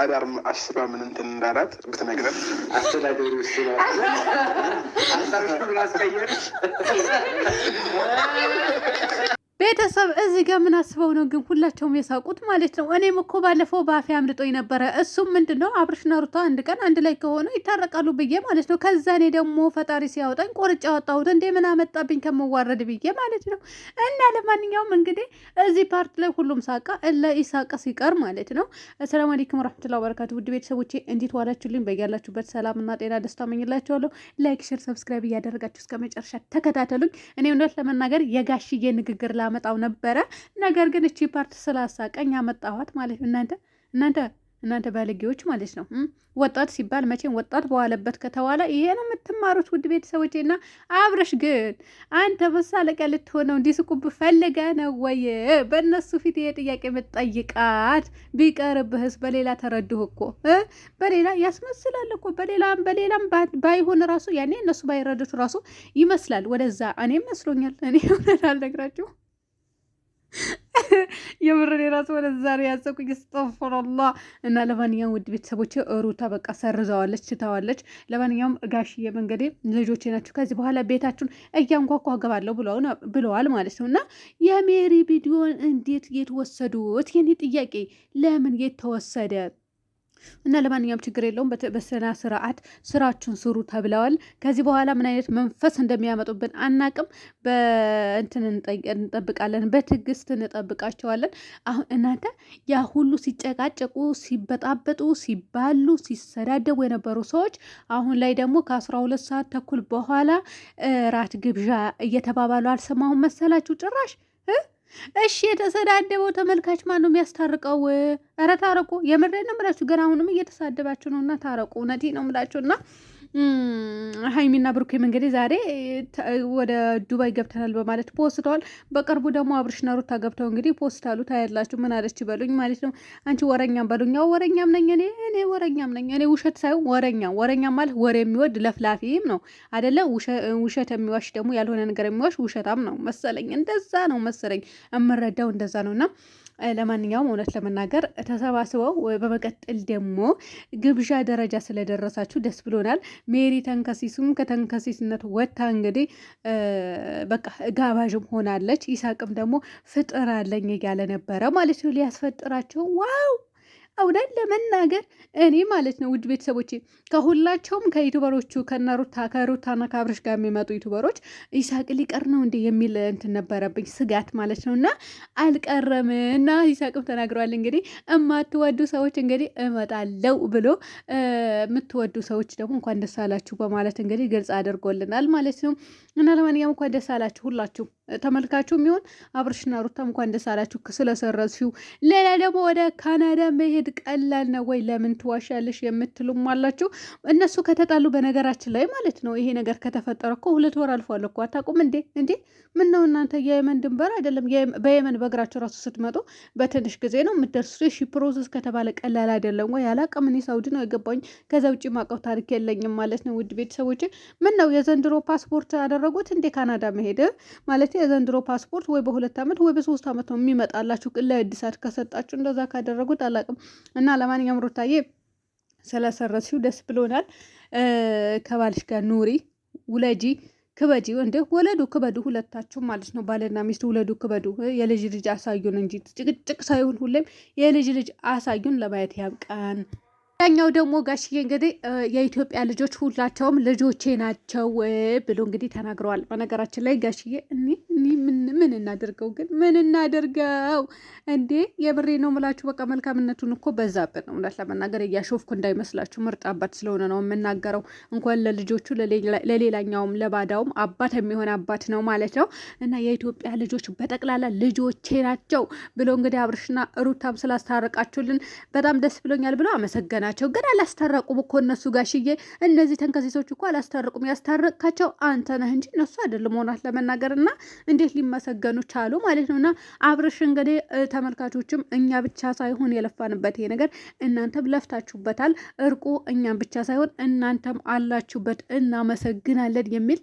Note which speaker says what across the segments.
Speaker 1: አዳር አስባ ምን እንትን እንዳላት ብትነግረን
Speaker 2: አስተዳደሩ ስላ
Speaker 3: ቤተሰብ እዚህ ጋር ምን አስበው ነው ግን ሁላቸውም የሳቁት ማለት ነው። እኔም እኮ ባለፈው በአፌ አምልጦኝ ነበረ። እሱም ምንድን ነው አብርሽና ሩታ አንድ ቀን አንድ ላይ ከሆኑ ይታረቃሉ ብዬ ማለት ነው። ከዛ እኔ ደግሞ ፈጣሪ ሲያወጣኝ ቆርጬ አወጣሁት እንዴ ምን አመጣብኝ ከመዋረድ ብዬ ማለት ነው። እና ለማንኛውም እንግዲህ እዚህ ፓርት ላይ ሁሉም ሳቃ እለ ኢሳቅ ሲቀር ማለት ነው። አሰላሙ አለይኩም ወራህመቱላሂ ወበረካቱ ውድ ቤተሰቦቼ እንዴት ዋላችሁልኝ? በያላችሁበት ሰላምና ጤና ደስታ መኝላችኋለሁ። ላይክ፣ ሼር፣ ሰብስክራይብ እያደረጋችሁ እስከ መጨረሻ ተከታተሉኝ። እኔ እውነት ለመናገር የጋሽዬ ንግግር ላመ ላመጣው ነበረ። ነገር ግን እቺ ፓርት ስላሳቀኝ አመጣኋት ማለት እናንተ እናንተ እናንተ ባለጌዎች ማለት ነው። ወጣት ሲባል መቼም ወጣት በዋለበት ከተዋለ ይሄ ነው የምትማሩት፣ ውድ ቤተሰቦቼ። እና አብረሽ ግን አንተ መሳለቂያ ልትሆነው እንዲስቁብ ፈልገ ነው ወይ? በእነሱ ፊት ይሄ ጥያቄ የምትጠይቃት ቢቀርብህስ? በሌላ ተረድሁ እኮ በሌላ ያስመስላል እኮ በሌላም በሌላም ባይሆን ራሱ ያኔ እነሱ ባይረዱት ራሱ ይመስላል ወደዛ። እኔ መስሎኛል። እኔ እውነት አልነግራችሁም የምር ራሱ ወደ ዛሬ ያሰብኩ ስተፈረላ እና ለማንኛውም ውድ ቤተሰቦች ሩታ በቃ ሰርዘዋለች፣ ትተዋለች። ለማንኛውም ጋሽዬ መንገዴ ልጆቼ ናቸው፣ ከዚህ በኋላ ቤታችሁን እያንኳኳ ገባለሁ ብለዋል ማለት ነው። እና የሜሪ ቪዲዮን እንዴት የተወሰዱት? የኔ ጥያቄ ለምን የተወሰደ? እና ለማንኛውም ችግር የለውም። በስነ ስርዓት ስራችሁን ስሩ ተብለዋል። ከዚህ በኋላ ምን አይነት መንፈስ እንደሚያመጡብን አናቅም። በእንትን እንጠብቃለን፣ በትዕግስት እንጠብቃቸዋለን። አሁን እናንተ ያ ሁሉ ሲጨቃጨቁ፣ ሲበጣበጡ፣ ሲባሉ፣ ሲሰዳደቡ የነበሩ ሰዎች አሁን ላይ ደግሞ ከአስራ ሁለት ሰዓት ተኩል በኋላ እራት ግብዣ እየተባባሉ አልሰማሁም መሰላችሁ ጭራሽ እሺ የተሰዳደበው ተመልካች ማን ነው የሚያስታርቀው? ኧረ ታረቁ። የምሬን ነው የምላችሁ። ግን አሁንም እየተሳደባችሁ ነው እና ታረቁ። እውነቴ ነው የምላችሁ እና ሀይሚና ብሩኬም እንግዲህ ዛሬ ወደ ዱባይ ገብተናል በማለት ፖስተዋል። በቅርቡ ደግሞ አብርሽና ሩታ ገብተው እንግዲህ ፖስት አሉ። ታያላችሁ። ምን አለች በሉኝ ማለት ነው። አንቺ ወረኛም በሉኝ። ያው ወረኛም ነኝ እኔ እኔ ወረኛም ነኝ እኔ ውሸት ሳይሆን ወረኛ ወረኛ ማለት ወሬ የሚወድ ለፍላፊም ነው አደለ? ውሸት የሚዋሽ ደግሞ ያልሆነ ነገር የሚዋሽ ውሸታም ነው መሰለኝ። እንደዛ ነው መሰለኝ እምረዳው እንደዛ ነው እና ለማንኛውም እውነት ለመናገር ተሰባስበው በመቀጠል ደግሞ ግብዣ ደረጃ ስለደረሳችሁ ደስ ብሎናል። ሜሪ ተንከሲሱም ከተንከሲስነት ወታ እንግዲህ በቃ ጋባዥም ሆናለች። ይሳቅም ደግሞ ፍጥር አለኝ እያለ ነበረ ማለት ነው ሊያስፈጥራቸው ዋው እውነት ለመናገር እኔ ማለት ነው ውድ ቤተሰቦች ከሁላቸውም ከዩቱበሮቹ ከነሩታ ከሩታና ከአብረሽ ጋር የሚመጡ ዩቱበሮች ይሳቅ ሊቀር ነው እንዴ የሚል እንትን ነበረብኝ ስጋት ማለት ነው። እና አልቀረም እና ይሳቅም ተናግረዋል። እንግዲህ የማትወዱ ሰዎች እንግዲህ እመጣለው ብሎ የምትወዱ ሰዎች ደግሞ እንኳን ደስ አላችሁ በማለት እንግዲህ ግልጽ አድርጎልናል ማለት ነው። እና ለማንኛውም እንኳን ደስ አላችሁ ሁላችሁ ተመልካችሁ የሚሆን አብርሽና ሩታም እንኳን ደስ አላችሁ ስለሰረሱ። ሌላ ደግሞ ወደ ካናዳ መሄድ ቀላል ነው ወይ ለምን ትዋሻለሽ የምትሉም አላችሁ። እነሱ ከተጣሉ በነገራችን ላይ ማለት ነው ይሄ ነገር ከተፈጠረ እኮ ሁለት ወር አልፏል እኮ አታውቁም እንዴ? እንዴ ምን ነው እናንተ የየመን ድንበር አይደለም በየመን በእግራቸው ራሱ ስትመጡ በትንሽ ጊዜ ነው የምትደርሱ። ሺ ፕሮሰስ ከተባለ ቀላል አይደለም ወይ አላውቅም። እኔ ሳውዲ ነው የገባኝ ከዛ ውጭ ማውቀው ታሪክ የለኝም ማለት ነው። ውድ ቤተሰቦች ምን ነው የዘንድሮ ፓስፖርት አደረጉት እንዴ ካናዳ መሄድ ማለት የዘንድሮ ፓስፖርት ወይ በሁለት ዓመት ወይ በሶስት ዓመት ነው የሚመጣላችሁ ለእድሳት ከሰጣችሁ እንደዛ ካደረጉት አላውቅም። እና ለማንኛውም ሩታዬ ስለሰረስሽው ደስ ብሎናል። ከባልሽ ጋር ኑሪ፣ ውለጂ፣ ክበጂ። እንደ ወለዱ ክበዱ፣ ሁለታችሁ ማለት ነው። ባልና ሚስት ውለዱ፣ ክበዱ። የልጅ ልጅ አሳዩን እንጂ ጭቅጭቅ ሳይሆን ሁሌም የልጅ ልጅ አሳዩን። ለማየት ያብቃን። ያኛው ደግሞ ጋሽዬ እንግዲህ የኢትዮጵያ ልጆች ሁላቸውም ልጆቼ ናቸው ብሎ እንግዲህ ተናግረዋል። በነገራችን ላይ ጋሽዬ እኔ ምን እናደርገው ግን ምን እናደርገው እንዴ? የብሬ ነው ምላችሁ። በቃ መልካምነቱን እኮ በዛብን ነው እውነት ለመናገር እያሾፍኩ እንዳይመስላችሁ። ምርጥ አባት ስለሆነ ነው የምናገረው። እንኳን ለልጆቹ ለሌላኛውም ለባዳውም አባት የሚሆን አባት ነው ማለት ነው። እና የኢትዮጵያ ልጆች በጠቅላላ ልጆቼ ናቸው ብሎ እንግዲህ አብርሽና ሩታም ስላስታረቃችሁልን በጣም ደስ ብሎኛል ብሎ አመሰገናቸው። ግን አላስታረቁም እኮ እነሱ ጋሽዬ፣ እነዚህ ተንከሴሶች እኮ አላስታረቁም። ያስታረቅካቸው አንተ ነህ እንጂ እነሱ አይደለም። ሆናት ለመናገር እና እንዴት ሊመሰገኑ ቻሉ ማለት ነው። እና አብርሽ እንግዲህ ተመልካቾችም እኛ ብቻ ሳይሆን የለፋንበት ይሄ ነገር እናንተም ለፍታችሁበታል። እርቁ እኛም ብቻ ሳይሆን እናንተም አላችሁበት እናመሰግናለን የሚል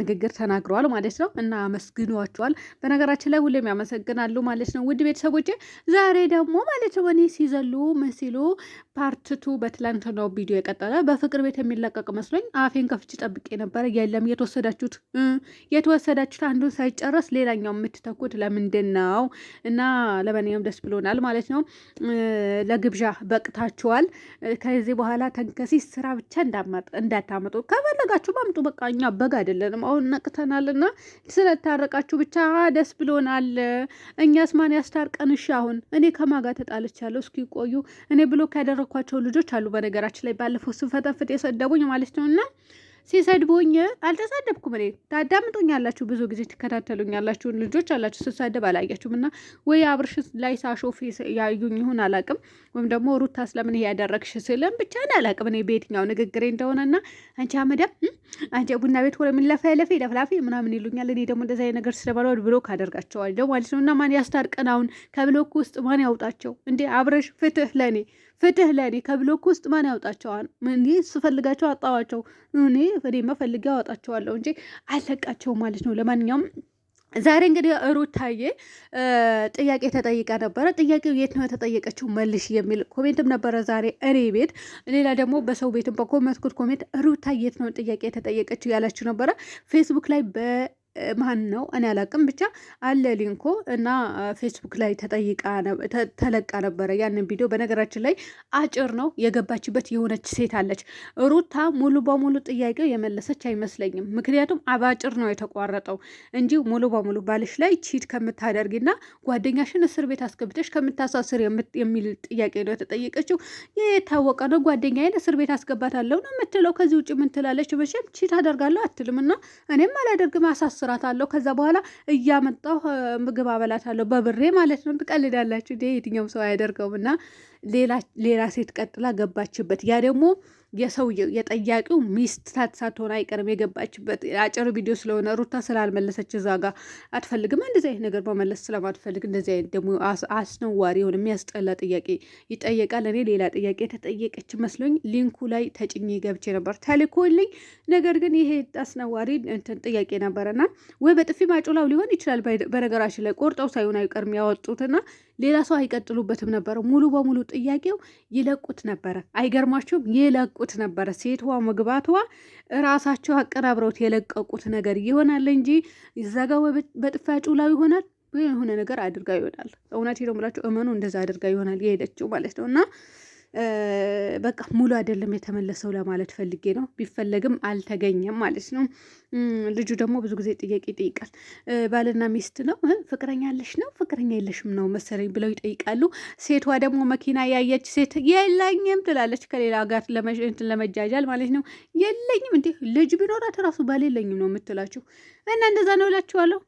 Speaker 3: ንግግር ተናግረዋል ማለት ነው። እና አመስግኗቸዋል። በነገራችን ላይ ሁሌም ያመሰግናሉ ማለት ነው። ውድ ቤተሰቦቼ ዛሬ ደግሞ ማለት ነው እኔ ሲዘሉ መሲሉ ሲሉ ፓርትቱ በትላንትናው ቪዲዮ የቀጠለ በፍቅር ቤት የሚለቀቅ መስሎኝ አፌን ከፍቼ ጠብቄ ነበረ። የለም የተወሰዳችሁት የተወሰዳችሁት አንዱን ሳይጨረስ ሌላኛው የምትተኩት ለምንድን ነው? እና ለማንኛውም ደስ ብሎናል ማለት ነው። ለግብዣ በቅታችኋል። ከዚህ በኋላ ተንከሲስ ስራ ብቻ እንዳታመጡ። ከፈለጋችሁ አምጡ። በቃ እኛ በግ አይደለንም። አሁን ነቅተናል እና ስለታረቃችሁ ብቻ ደስ ብሎናል። እኛስ ማን ያስታርቀን? እሺ አሁን እኔ ከማጋ ተጣልቻለሁ። እስኪ ቆዩ። እኔ ብሎክ ያደረኳቸው ልጆች አሉ በነገራችን ላይ ባለፈው ስፈጠፍጥ የሰደቡኝ ማለት ነው እና ሲሰድቦኝ አልተሳደብኩም። እኔ ታዳምጡኛላችሁ፣ ብዙ ጊዜ ትከታተሉኛላችሁን ልጆች አላችሁ፣ ስሳደብ አላያችሁም። እና ወይ አብርሽ ላይ ሳሾፍ ያዩኝ ይሁን አላቅም፣ ወይም ደግሞ ሩታ ስለምን ይሄ ያደረግሽ ስለም ብቻ አላቅም። እኔ በየትኛው ንግግሬ እንደሆነ እንደሆነና አንቺ አመዳም አንቺ ቡና ቤት ሆነ ምን ለፈለፈ ይለፍላፊ ምናምን ይሉኛል። እኔ ደግሞ እንደዚ ነገር ስለባለ ብሎክ አደርጋቸዋለሁ ማለት ነው። እና ማን ያስታርቀን አሁን ከብሎክ ውስጥ ማን ያውጣቸው እንዴ? አብረሽ ፍትህ ለእኔ ፍትህ ለእኔ ከብሎክ ውስጥ ማን ያወጣቸዋል? እኔ ስፈልጋቸው አጣዋቸው። እኔ እኔማ ፈልጌ ያወጣቸዋለሁ እንጂ አለቃቸው ማለት ነው። ለማንኛውም ዛሬ እንግዲህ ሩታዬ ጥያቄ ተጠይቃ ነበረ። ጥያቄው የት ነው የተጠየቀችው መልሽ የሚል ኮሜንትም ነበረ ዛሬ እኔ ቤት፣ ሌላ ደግሞ በሰው ቤትም በኮመትኩት ኮሜንት ሩታ የት ነው ጥያቄ የተጠየቀችው ያላችሁ ነበረ ፌስቡክ ላይ በ ማን ነው እኔ አላቅም። ብቻ አለ ሊንኮ እና ፌስቡክ ላይ ተጠይቃ ተለቃ ነበረ ያንን ቪዲዮ። በነገራችን ላይ አጭር ነው የገባችበት። የሆነች ሴት አለች ሩታ ሙሉ በሙሉ ጥያቄው የመለሰች አይመስለኝም። ምክንያቱም አባጭር ነው የተቋረጠው እንጂ ሙሉ በሙሉ ባልሽ ላይ ቺት ከምታደርጊና ጓደኛሽን እስር ቤት አስገብተሽ ከምታሳስር የሚል ጥያቄ ነው የተጠየቀችው። ይህ የታወቀ ነው። ጓደኛዬን እስር ቤት አስገባታለሁ ነው የምትለው። ከዚህ ውጭ ምን ትላለች? መቼም ቺት አደርጋለሁ አትልም። እና እኔም አላደርግም አሳስ አስራታለሁ። ከዛ በኋላ እያመጣሁ ምግብ አበላታለሁ በብሬ ማለት ነው። ትቀልዳላችሁ። የትኛውም ሰው አያደርገውም እና ሌላ ሴት ቀጥላ ገባችበት ያ ደግሞ የሰውየው የጠያቂው ሚስት ሳትሆን አይቀርም የገባችበት። አጭር ቪዲዮ ስለሆነ ሩታ ስላልመለሰች እዛ ጋ አትፈልግም። እንደዚህ አይነት ነገር በመለስ ስለማትፈልግ እንደዚህ አይነት ደግሞ አስነዋሪ የሆነ የሚያስጠላ ጥያቄ ይጠየቃል። እኔ ሌላ ጥያቄ ተጠየቀች መስሎኝ ሊንኩ ላይ ተጭኜ ገብቼ ነበር ተልኮልኝ። ነገር ግን ይሄ አስነዋሪ እንትን ጥያቄ ነበረና ወይ በጥፊ ማጮላው ሊሆን ይችላል። በነገራችን ላይ ቆርጠው ሳይሆን አይቀርም ያወጡትና ሌላ ሰው አይቀጥሉበትም ነበረ። ሙሉ በሙሉ ጥያቄው ይለቁት ነበረ። አይገርማችሁም? ይለቁት ሲለቁት ነበረ። ሴትዋ መግባቷ ራሳቸው አቀናብረውት የለቀቁት ነገር ይሆናል እንጂ ይዘጋው በጥፋጩ ላይ ይሆናል የሆነ ነገር አድርጋ ይሆናል። እውነት ነው ብላችሁ እመኑ። እንደዛ አድርጋ ይሆናል የሄደችው ማለት ነው እና በቃ ሙሉ አይደለም የተመለሰው ለማለት ፈልጌ ነው። ቢፈለግም አልተገኘም ማለት ነው። ልጁ ደግሞ ብዙ ጊዜ ጥያቄ ይጠይቃል። ባልና ሚስት ነው፣ ፍቅረኛ ያለሽ ነው፣ ፍቅረኛ የለሽም ነው መሰለኝ ብለው ይጠይቃሉ። ሴቷ ደግሞ መኪና ያየች ሴት የለኝም ትላለች፣ ከሌላ ጋር ለመጃጃል ማለት ነው። የለኝም እንዲህ ልጅ ቢኖራት ራሱ ባል የለኝም ነው የምትላቸው እና እንደዛ ነው እላችኋለሁ።